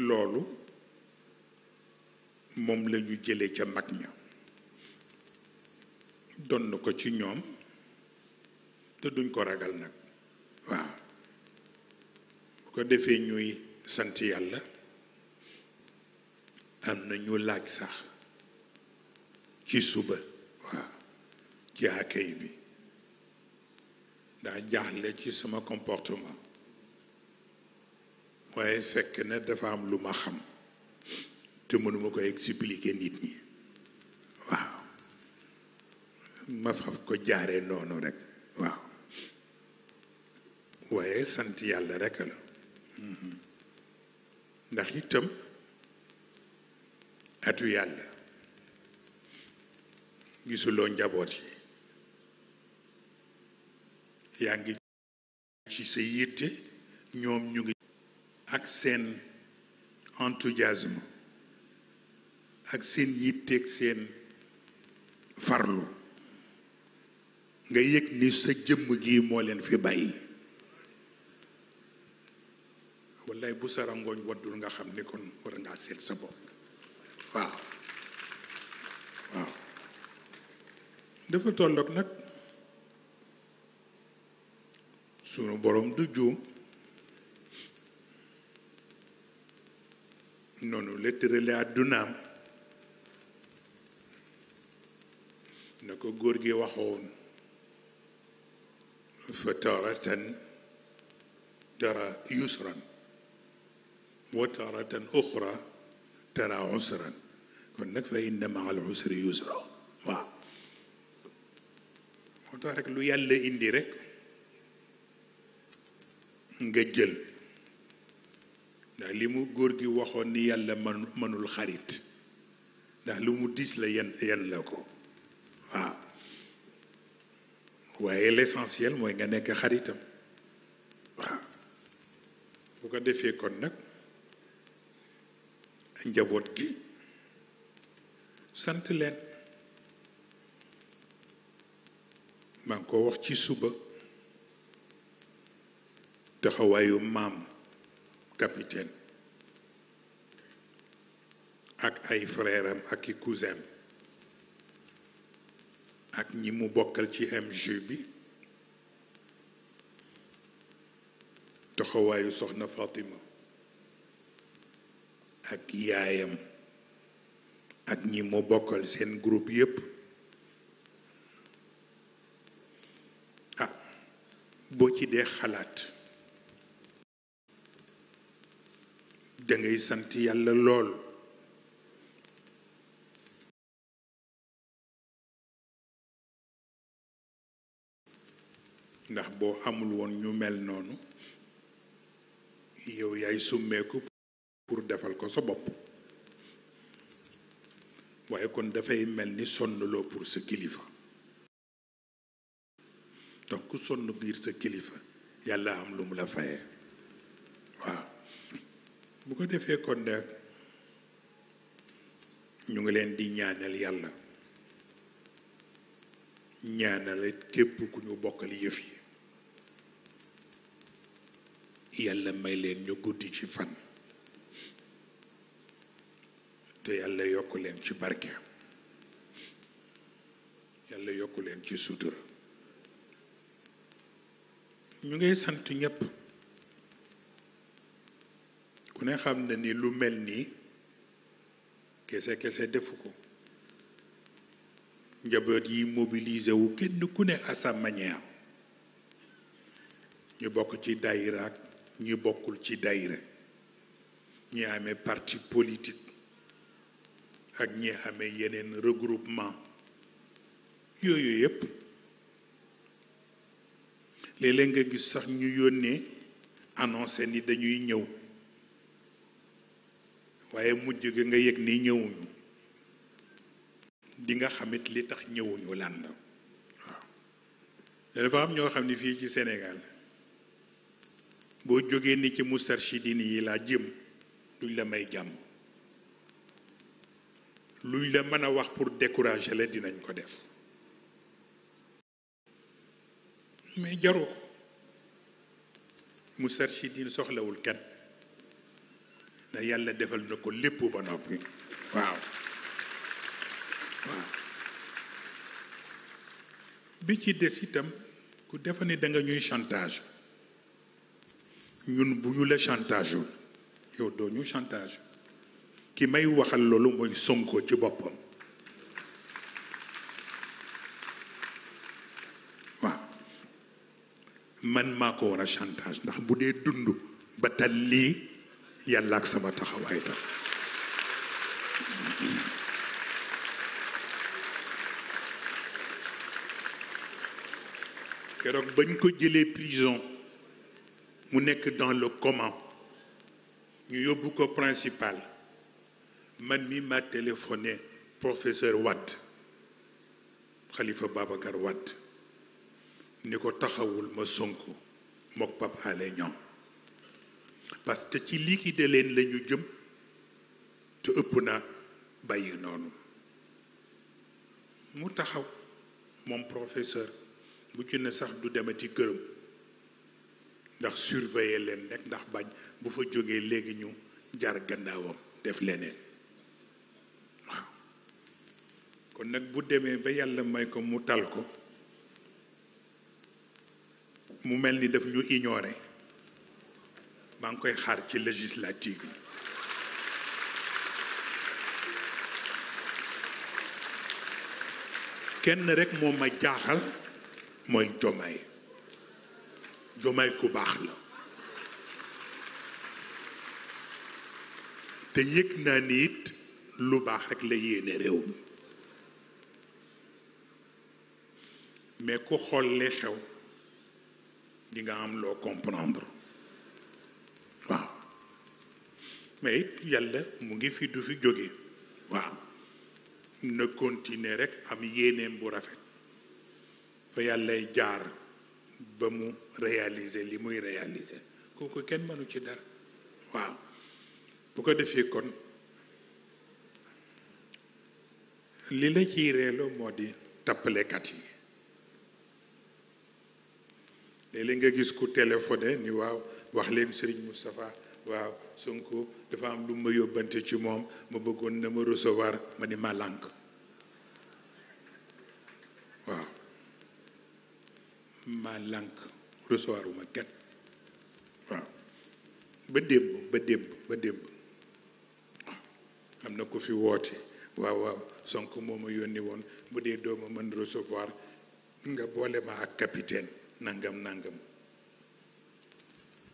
loolu moom la ñu jële ca mag ña donn ko ci ñoom te duñ ko ragal nag waaw bu ko defee ñuy sant yàlla am na ñu laaj sax ci suba waaw ci bi daa jaaxle ci sama comportement waaye fekk na dafa am lu ma xam te mënuma ko expliquer nit ñi waaw ma faf ko jaare noonu rek waaw waaye sant yàlla rekk la mhm. ndax itam atu yàlla gisuloo njaboot yi yaa ngi ci sa yitte ñoom ñu ngi ak seen enthousiasme ak seen yitteeg seen farlu nga yëg ni sa jëmm gi moo leen fi bàyyi wallaay bu sa rangooñ waddul nga xam ni kon war ngaa seet sa bopp waaw waaw dafa tolloog nag sunu borom du juum noonu la tërale àddunaam na ko góor gi waxoon fa taratan tara yusran wa taratan uxra tara usran kon nag fa inna maa al usri yusra waaw moo lu yàlla indi rek ndax li mu góor gi waxoon ni yàlla man mënul xarit ndax lu mu diis la yenn yenn la ko waaw waaye l'essentiel mooy nga nekk xaritam waaw bu ko defee kon nag njaboot gi sant leen maa ngi ko wax ci suba taxawaayu maam capitaine ak ay frère am ak cousin ak ñi mu bokkal ci MG bi taxawaayu soxna Fatima ak yaayam ak ñi mu bokkal seen groupe yépp ah boo ci dee xalaat da sant yàlla lool ndax boo amul woon ñu mel noonu yow yaay summeeku pour defal ko sa bopp waaye kon dafay mel ni sonnloo pour sa kilifa donc sonn ngir sa kilifa yàlla am lu mu la fayee bu ko defee kon nag ñu ngi leen di ñaanal yàlla ñaanal képp ku ñu bokkal yëf yi yàlla may leen ñu guddi ci fan te yàlla yokk leen ci barke yàlla yokk leen ci sutura ñu ngay sant ñëpp ku ne xam na ni lu mel nii kese kese defu ko njaboot yi mobilisé wu kenn ku ne à sa ñu bokk ci dayra ak ñu bokkul ci dayra ñi amee parti politique ak ñi amee yeneen regroupement yooyu yëpp léeg-léeg nga gis sax ñu yónnee annoncé ni dañuy ñëw waaye mujj gi nga yëg ni ñëwuñu di nga xamit li tax ñëwuñu lan la waaw dafa am ñoo xam ne fii ci Sénégal boo jógee ni ci din yi laa jëm luñ la may jàmm luñ la mën a wax pour décourager la dinañ ko def mais jaru Moustarchidine soxlawul kenn te yàlla defal na ko lépp ba noppi waaw waaw bi ci des itam ku defa ne da nga ñuy chantage ñun bu ñu la chantage yow doo ñu chantage ki may waxal loolu mooy Sonko ci boppam waaw man maa ko war a chantage ndax bu dee dund ba tal lii yàlla ak sama taxawaay tax keroog bañ ko jëlee prison mu nekk dans le coma ñu yóbbu ko principal man mi ma téléphoné professeur Watt Khalifa Babacar Watt ni ko taxawul ma Sonko mook Pape Alé parce que ci liquider leen la ñu jëm te ëpp naa bàyyi noonu mu taxaw moom professeur bu na sax du demati këram ndax surveiller leen rek ndax bañ bu fa jógee léegi ñu jar gannaawam def leneen waaw kon nag bu demee ba yàlla may ko mu tal ko mu mel ni daf ñu ignorer maa ngi koy xaar ci législative yi kenn rekk moom ma jaaxal mooy jomaay jomaay ku baax la te yëg naa nit lu baax rek la yéene réew mi mais ku xool li xew di nga am loo comprendre mais it yàlla mu ngi fi du fi jóge waaw na continuer rek am yéeneem bu rafet fa yàllay jaar ba mu réaliser li muy réaliser kooku kenn mënu ci dara waaw bu ko defee kon li la ciy reeloo moo di tappalekat yi léeg-léeg nga gis ku téléphoné ni waaw wax leen Serigne Moustapha waaw Sonko dafa am lu ma yóbbante ci moom ma bëggoon na ma recevoir ma ni ma lànk waaw ma lànk recevoir uma waaw ba démb ba démb ba démb am na ko fi woote waaw waaw Sonko moo ma yónni woon mu dee dooma mën recevoir nga boole ma ak capitaine nangam nangam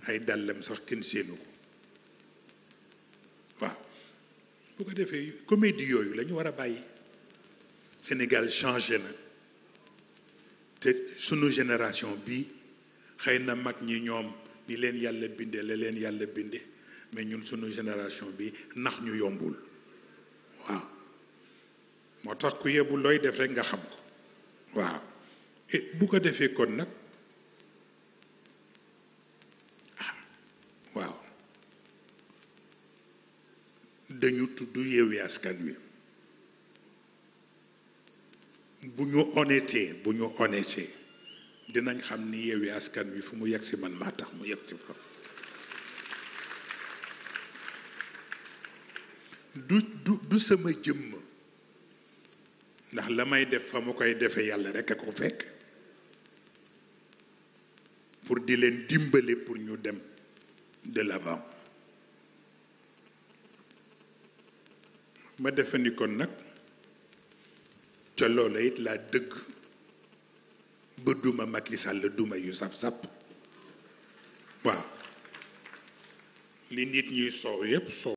ay dàllam sax kin seenu ko bu ko defee comédie yooyu lañu war a bàyyi Sénégal changé na te sunu génération bi xëy na mag ñi ñoom ni leen yàlla bindee la leen yàlla bindee mais ñun suñu génération bi nax ñu yombul waaw moo tax ku yebu looy def rek nga xam ko waaw bu ko defee kon nag dañu tudd Yewwi Askan Wi bu ñu honnêté bu ñu honnêté dinañ xam ni Yewwi Askan Wi fu mu yegg si man maa tax mu yegg si fa du du sama jëmm ndax la may def fa mu koy defee yàlla rek a ko fekk pour di leen dimbale pour ñu dem de ma defe ni kon nag ca loola it laa dëgg ba duma Macky Sall duma yu saf-sap waaw li nit ñuy soow yépp soow